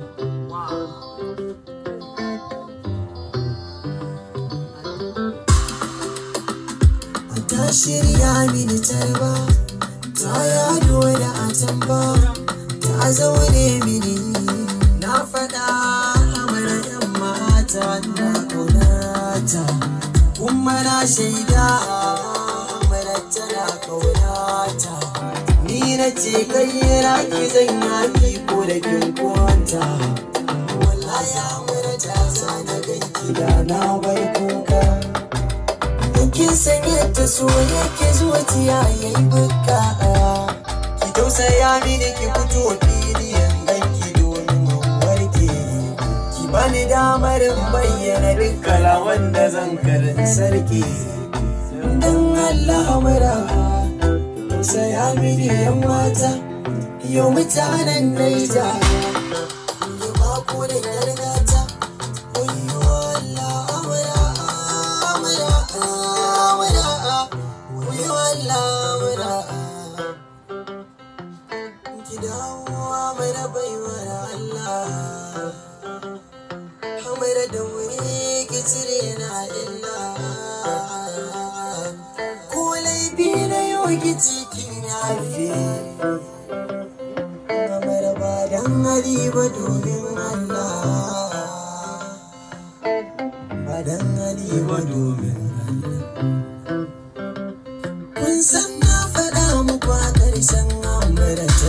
Ta shirya mini tarba, ta yado da atamba, ta zaune mini na faɗa amara ‘yan mata na ƙaunata, kuma na shaida amara tana ƙaunata. ce kai ki zan yaki ko da kin kwanta wallahi amara ta sana na ganki da na bai kuka kin san yadda so yake zuciya yayi bukka ki tausaya mini ki fito fili ganki domin warke ki bani damar bayyana duk kalaman da zan karin sarki dan Allah amara Saya mini yan mata yau mutanen naija yau ba ku da da wuri ki na illa ko laifi ɗauki ciki na haife kamar ba dan hali ba domin Allah ba dan hali ba domin kun san na faɗa muku a ƙarshen amara ta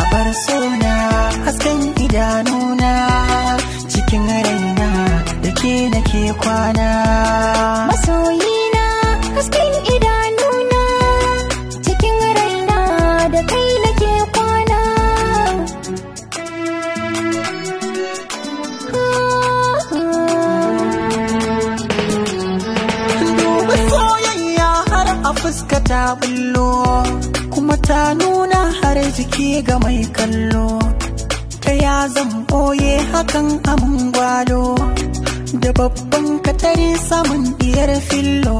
a bar sona hasken idanuna cikin raina da ke nake kwana fuska ta bullo kuma ta nuna har jiki ga mai kallo ta ya zan ɓoye hakan amin gwalo da babban katari saman diyar fillo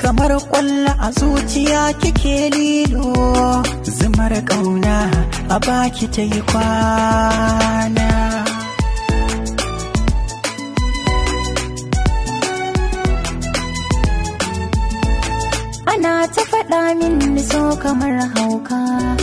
kamar kwalla a zuciya kike lilo zumar ƙauna a baki ta yi kwana ana ta faɗa min so kamar hauka